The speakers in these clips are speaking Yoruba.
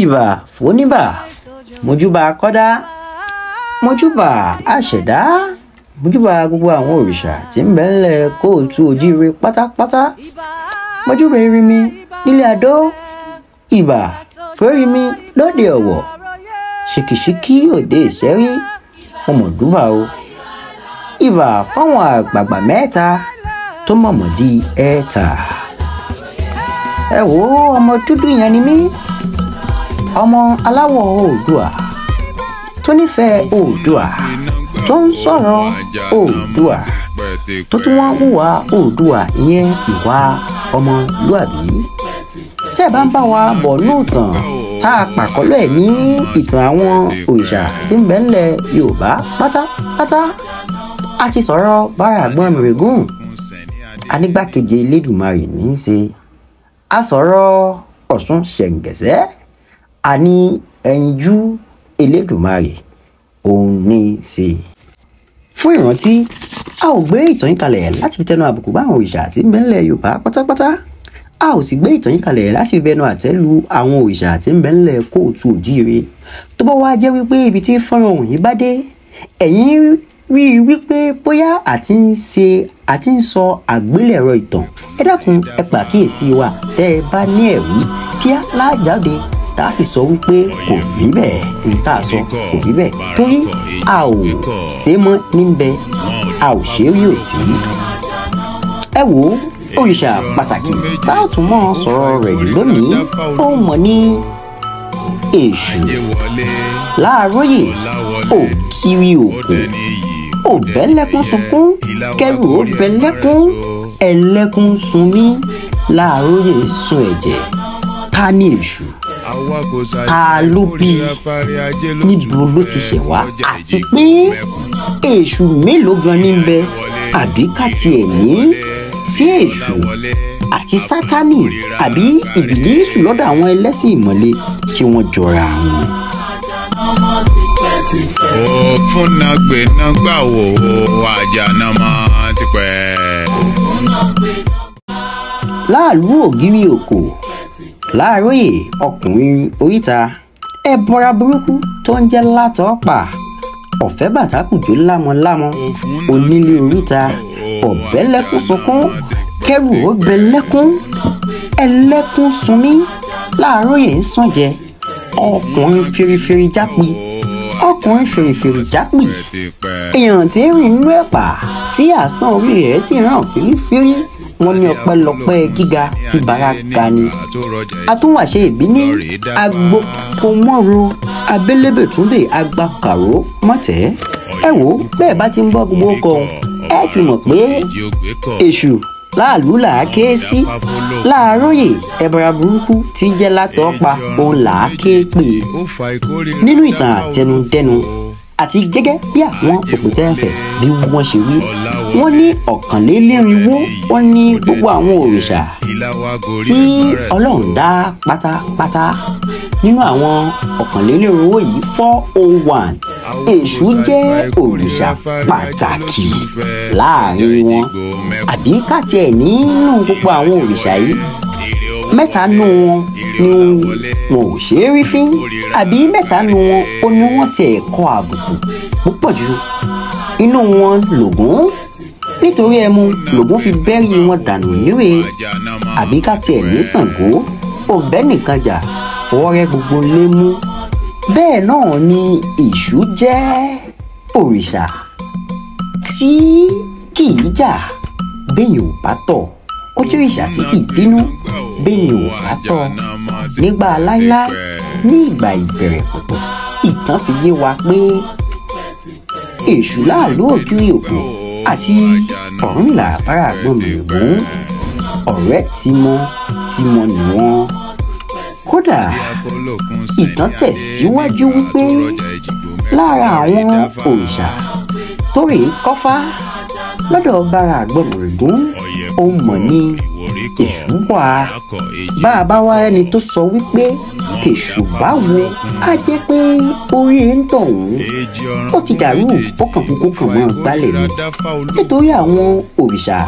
ìbà fóníbà mojúbà kọ́dá mojúbà àṣẹ̀dá mojúbà gbogbo àwọn òrìṣà tí ń bẹ ńlẹ̀ kóòtù òjíire pátápátá mojúbà erinmi nílé adó ìbà fẹ́rinmi lóde ọ̀wọ̀ ṣìkìṣìkì òde ìṣẹ́rí ọmọdúbà o ìbà fáwọn àgbààgbà mẹ́ta tó mọ̀mọ́ di ẹ̀ẹ́ta ẹ wò ọmọ dúdú yẹn ni mí ọmọ aláwọ̀ oòdùà tó nífẹ̀ẹ́ oòdùà tó ń sọ̀rọ̀ oòdùà tó tún wọ́n hùwà oòdùà ìyẹn ìwà ọmọlúàbí tẹ́ ẹ bá ń bá wa bọ̀ lóòtàn tá a pàkọ́lẹ̀ ní ìtàn àwọn òrìṣà tí ń bẹ ńlẹ̀ Yorùbá pátápátá a ti sọ̀rọ̀ bára àgbọn mìrègùn anígbàkejì Elédùmarè ní í ṣe a sọ̀rọ̀ Ọ̀ṣun ṣẹ̀ǹgẹ̀sẹ̀ a ní ẹyinjú Elédùmarè òun ní í ṣe. fún ìrántí a ò gbé ìtàn yín kalẹ̀ láti fi tẹnu àbùkù bá àwọn òrìṣà tí ń bẹ nílẹ̀ Yorùbá pátápátá a ò sì gbé ìtàn yín kalẹ̀ láti fi bẹnu àtẹ́ lu àwọn òrìṣà tí ń bẹ nílẹ̀ kóòtù òjíire tó bá wá jẹ́ wípé ibi tí fọ́nrán òun yìí bá dé ẹ̀yin rí i wípé bóyá àti ń ṣe àti ń sọ àgbélẹ̀rọ ìtàn ẹ dákun ẹ pàkíyèsí wa tẹ́ ẹ bá ní ẹ̀rí kíá lájáde tá a sì sọ wípé kò rí bẹ́ẹ̀ ní tá a sọ kò rí bẹ́ẹ̀ torí a ò ṣe mọ́ níbẹ̀ a ò ṣe rí òsì. ẹ wo òrìṣà pàtàkì tá a tún mọ́ sọ̀rọ̀ rẹ̀ lónìí ó mọ̀ ní èṣù láàárọ̀yè òkiri òkun òbẹ́lẹ́kún sunkún kẹrù òbẹ́lẹ́kún ẹlẹ́kún sunmí láàárọ̀yè sun ẹ̀jẹ̀ ta ni èṣù alóbi níbo ló ti ṣẹ̀ wá àti pé èṣù mélòó gan ni ń bẹ àbí ká tiẹ̀ ní sí èṣù àti sátánì àbí ìbílísù lọ́dọ̀ àwọn ẹlẹ́sìn ìmọ̀le ṣé wọ́n jọra wọn. ó fún nàgbé nàgbà wò ó àjànàmọ́ tipẹ́. láàlú ògiri òkò láàróyè ọkùnrin oríta ẹbọra burúkú tó ń jẹ́ látọ̀ọ́pà ọ̀fẹ́ bàtàkùjọ lámọlámọ onílé oríta ọ̀bẹ́lẹ́kún sunkún kẹrù ó bẹ lẹ́kún ẹlẹ́kún sunmí láàróyè ń sànjẹ ọkùnrin fèrèfèrè jápé ọkùnrin fèrèfèrè jápè èèyàn tí ń rìn nínú ẹ̀pà tí àsán orí rẹ̀ sì ràn fírífírí wọ́n ní ọpẹ́lọpẹ́ gíga ti Baraka ni atúnwàṣe ìbíní agbókòmọ́rò abélébètúndé agbákàró mọ̀tẹ́ ẹ wò bẹ́ẹ̀ bá ti ń bọ́ gbogbo kan ẹ ti mọ̀ pé èṣù láàlú là á ké sí láàárọ̀yè ẹ̀bọ̀ra burúkú tí jẹ́ látọ̀ pa òun là á ké pè nínú ìtàn àtẹnudẹ́nu àti gẹ́gẹ́ bí àwọn òkùtẹ́ǹfẹ̀ bí wọ́n ṣe wí wọ́n ní ọ̀kànlélérinwó wọ́n ní gbogbo àwọn òrìṣà tí ọlọ́run dá pátápátá nínú àwọn ọ̀kànlélérinwó yìí four oh one èṣù jẹ́ òrìṣà pàtàkì láàrin wọn àbí ká tiẹ̀ nínú gbogbo àwọn òrìṣà yìí mẹ́ta nù wọn ni wọn ò ṣeé rí fín àbí mẹ́ta nù wọn ó ní wọ́n tiẹ̀ kọ àbùkù púpọ̀ jù inú wọn lògún nítorí ẹmu lògún fi bẹ́rí wọn dànù níwèé àbí ká tiẹ̀ ní Ṣàngó ọ̀bẹ nìkan jà fọwọ́rẹ́ gbogbo lé mú bẹ́ẹ̀ náà ni Èṣù jẹ́ òrìṣà tí kì í jà béèyàn ò bá tọ̀ ó jẹ́ tí kì í bínú bẹ́ẹ̀ ò bá tọ́ nígbà láíláí ní ìgbà ìbẹ̀rẹ̀ pọ̀pọ̀ ìtàn fi yé wa pé èṣù láàlú òkiri òkun àti ọ̀rúnmìlà àbára àgbọ̀nmìlẹ̀gún ọ̀rẹ́ tímọ́ tímọ́ ni wọ́n kódà ìtàn tẹ̀síwájú wípé lára àwọn òrìṣà tó rèé kọ́fá lọ́dọ̀ bára àgbọ̀nmìlẹ̀gún ó mọ̀ ní èṣùbà bá a bá wá ẹni tó sọ wípé tèṣùbà wo á jẹ́ pé orí ń tọ̀hún ó ti dàrú ó kàn kúkú kàn mọ́ gbálẹ̀ ni nítorí àwọn òrìṣà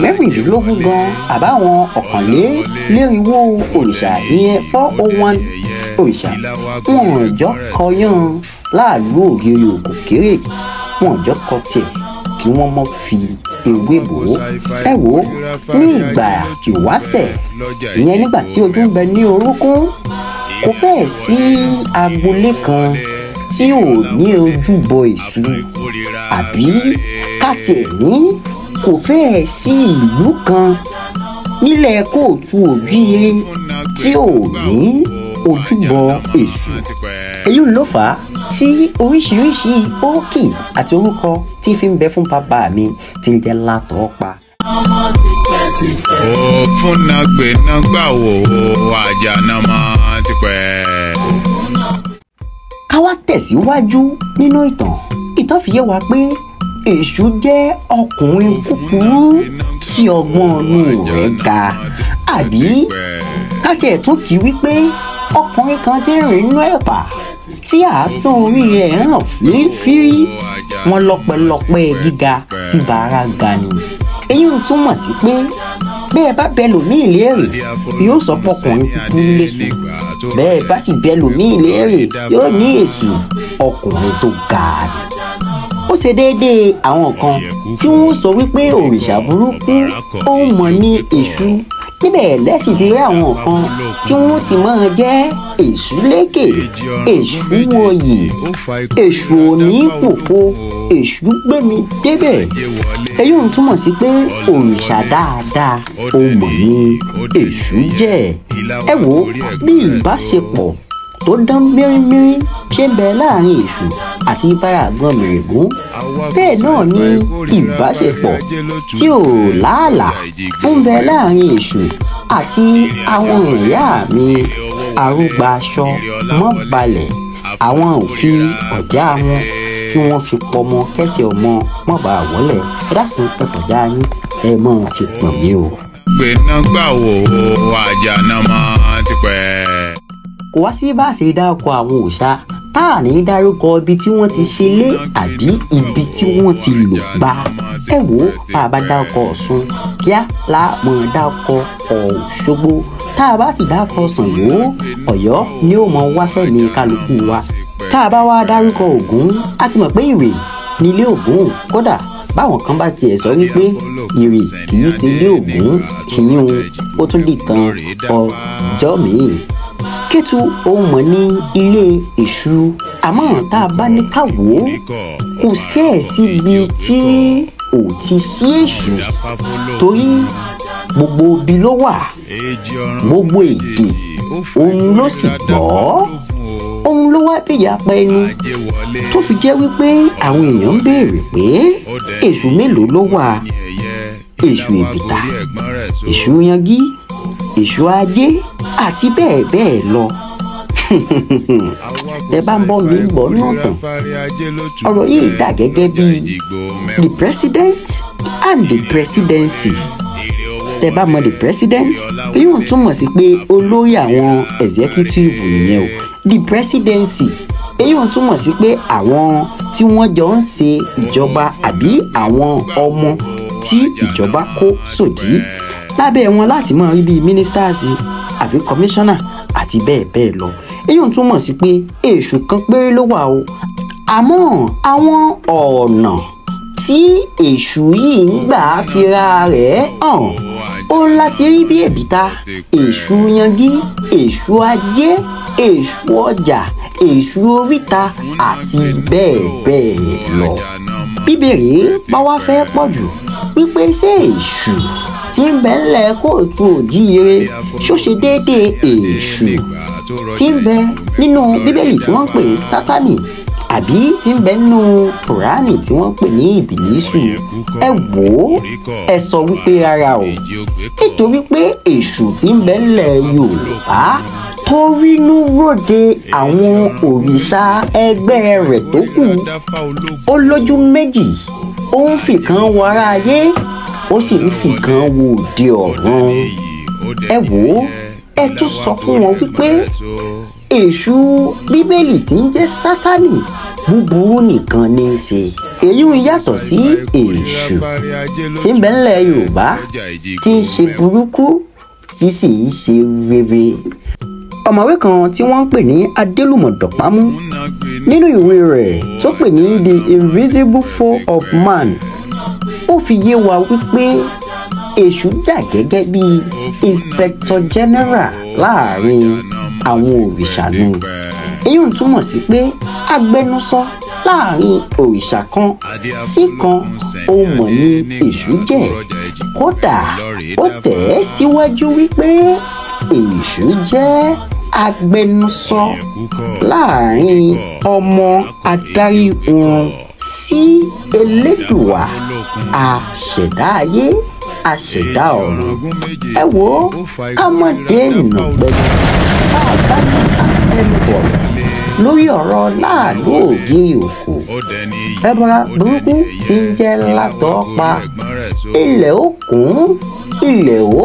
mẹ́rìndínlógún gan àbáwọn ọ̀kànlélẹ́rìnwó òrìṣà ìyẹn four oh one òrìṣà wọn ò jọ kọyán láàlú ògiri òkò kéré wọn ò jọ kọ tiẹ̀ kí wọ́n mọ́ fi ewébò ẹ wò ó ní ìgbà ìwásẹ̀ ìyẹn nígbà tí ojú ń bẹ ní orúnkún kò fẹ́ẹ̀ sí agboolé kan tí ò ní ojúbọ èṣù àbí káàtì ní kò fẹ́ẹ̀ sí ìlú kan nílẹ̀ kóòtù òbíye tí ò ní ojúbọ èṣù èyí ló fà á tí oríṣiríṣi ókì àti orúkọ tí fi ń bẹ fún bàbá mi ti ń jẹ́ látọ̀ọ́pa. ọmọ tipẹ́tipẹ́. ó fún nàgbé nàgbà wò ó àjànà máa tipẹ́. ká wá tẹ̀síwájú nínú ìtàn ìtàn fi yé wa pé èṣù jẹ́ ọkùnrin kúkúrú tí ọgbọ́n ọ̀nù rẹ̀ ga àbí ká tiẹ̀ tún kí wípé ọkùnrin kan ti ń rìn inú ẹ̀pà tí àásán orí rẹ̀ hàn fírífírí wọn lọ́pẹ́lọpẹ́ gíga ti Bara Gani èyí ń túmọ̀ sí pé bẹ́ẹ̀ bá bẹ lòmíì léèrè yóò sọ pọkùnrin kúkúrú lẹ́sùn bẹ́ẹ̀ bá sì bẹ lòmíì léèrè yóò ní èṣù ọkùnrin tó ga ni ó ṣe déédéé àwọn kan tí wọ́n sọ wípé òrìṣà burúkú ó mọ̀ ní èṣù síbẹ̀ lẹ́sì ti rí àwọn kan tí wọ́n ti máa jẹ́ èṣù lékè èṣù wọ̀yì èṣù òní pòpò èṣù gbẹ̀mí débẹ̀ èyí ò túmọ̀ sí pé òrìṣà dáadáa ó mọ̀ èṣù jẹ́ ẹ wo bí ìbáṣepọ̀ tó dán mẹ́rìnmẹ́rìn ṣe ń láàrin èṣù àti paragon mèrègún bẹ́ẹ̀ náà ni ìbáṣepọ̀ tí ò láàlà ń bẹ láàrin èṣù àti àwọn ìyá mi arúgba aṣọ mọ́ balẹ̀ àwọn òfin ọ̀já wọn kí wọ́n fi pọmọ kẹ́sẹ̀ ọmọ mọ́ bá wọlé ẹ dákun ẹ kọjá yín ẹ mọ́ fi pọ̀ mí o. gbẹ̀nà gbà wò ó àjà náà máa ti pẹ́. kò wá sí bá a ṣe dá àwọn òòṣà tá à ní dárúkọ ibi tí wọ́n ti ṣe lé àbí ibi tí wọ́n ti lò bá ẹ wò ó tá a bá dárúkọ Ọ̀ṣun kíá la mọ̀ dárúkọ Òṣogbo tá a bá ti dárúkọ Ṣàngó Ọ̀yọ́ ni ó mọ wáṣẹ́ ní kálukú wa tá a bá wá dárúkọ Ògún a ti mọ̀ pé ìrè nílé Ògún kódà báwọn kan bá tiẹ̀ sọ wípé ìrè kì í ṣe ilé Ògún kìíní o ó tún lè kan ọjọ́ míì Kétu ohun mọ̀ ní ilé èṣù àmọ́ tá a bá ní ká wò ó kò sí ẹ̀ síbi tí ò ti sí èṣù torí gbogbo ibi ló wà gbogbo èdè òun ló sì gbọ́ òun ló wá bìyà pa ẹnu tó fi jẹ́ wípé àwọn èèyàn ń béèrè pé èṣù mélòó ló wà èṣù èbìtà èṣù yangí èṣù ajé àti bẹ́ẹ̀ bẹ́ẹ̀ lọ tẹ bá ń bọ́ mi ń gbọ́ náà tán ọ̀rọ̀ yìí dà gẹ́gẹ́ bí the president and the presidency tẹ bá mọ the president yóò túmọ̀ sí pé olórí àwọn executive nìyẹn o the presidency èyí ò túmọ̀ sí pé àwọn tí wọ́n jọ ń ṣe ìjọba àbí àwọn ọmọ tí ìjọba kó sòdí lábẹ́ wọn láti máa rí bíi ministers àbí kọmíṣánná àti bẹ́ẹ̀ bẹ́ẹ̀ lọ èyí tún mọ̀ sí pé èṣù kan péré ló wà o àmọ́ àwọn ọ̀nà tí èṣù yìí ń gbà fira rẹ̀ hàn ó láti rí bí èbìta èṣù yangi èṣù ajé èṣù ọjà èṣù oríta àti bẹ́ẹ̀ bẹ́ẹ̀ lọ bíbèrè bá fẹ́ pọ̀ jù wípé ṣé èṣù tí ń bẹ ńlẹ̀ kóòtù òjíire ṣóṣe déédéé èṣù tí ń bẹ nínú bíbélì tí wọ́n ń pè sátánì àbí tí ń bẹ nínú kùránì tí wọ́n ń pè ní ìbìlísù ẹ wò ó ẹ sọ wípé rárá o nítorí pé èṣù tí ń bẹ ńlẹ̀ yorùbá tó rínú ròde àwọn òrìṣà ẹgbẹ́ rẹ̀ tó kù ó lójú méjì ó ń fìkan wàrà ayé ó sì ń fi gan wo òde ọ̀run ẹ wò ó ẹ tún sọ fún wọn wípé èṣù bíbélì tí ń jẹ́ sátánì búburú nìkan ní í ṣe èyí ń yàtọ̀ sí èṣù tí ń bẹ ńlẹ̀ yorùbá tí ń ṣe burúkú tí sì ń ṣe rere ọ̀mọ̀wé kan tí wọ́n ń pè ní adélùmọ̀dọ̀pámú nínú ìwé rẹ̀ tó pè ní the invisible foe of man ó fi yé wa wípé èṣù jà gẹ́gẹ́ bí inspector general láàrin àwọn òrìṣà nù èyí ń túmọ̀ sí pé agbẹnusọ láàrin òrìṣà kan sí kan òun mọ̀ ní èṣù jẹ́ kódà ó tẹ̀ ẹ́ síwájú wípé èṣù jẹ́ agbẹnusọ láàrin ọmọ adarí wọn sí elédùwà àṣẹ̀dá ayé àṣẹ̀dá ọ̀run ẹ wo ká má dé ènìyàn pẹ̀lú bá a bá ní àpẹnubọ̀ lórí ọ̀rọ̀ láàánú òye òkú ẹbọra burúkú ti ń jẹ́ látọ̀ pa ilẹ̀ ó ilẹ̀ ó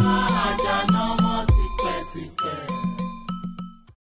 Party.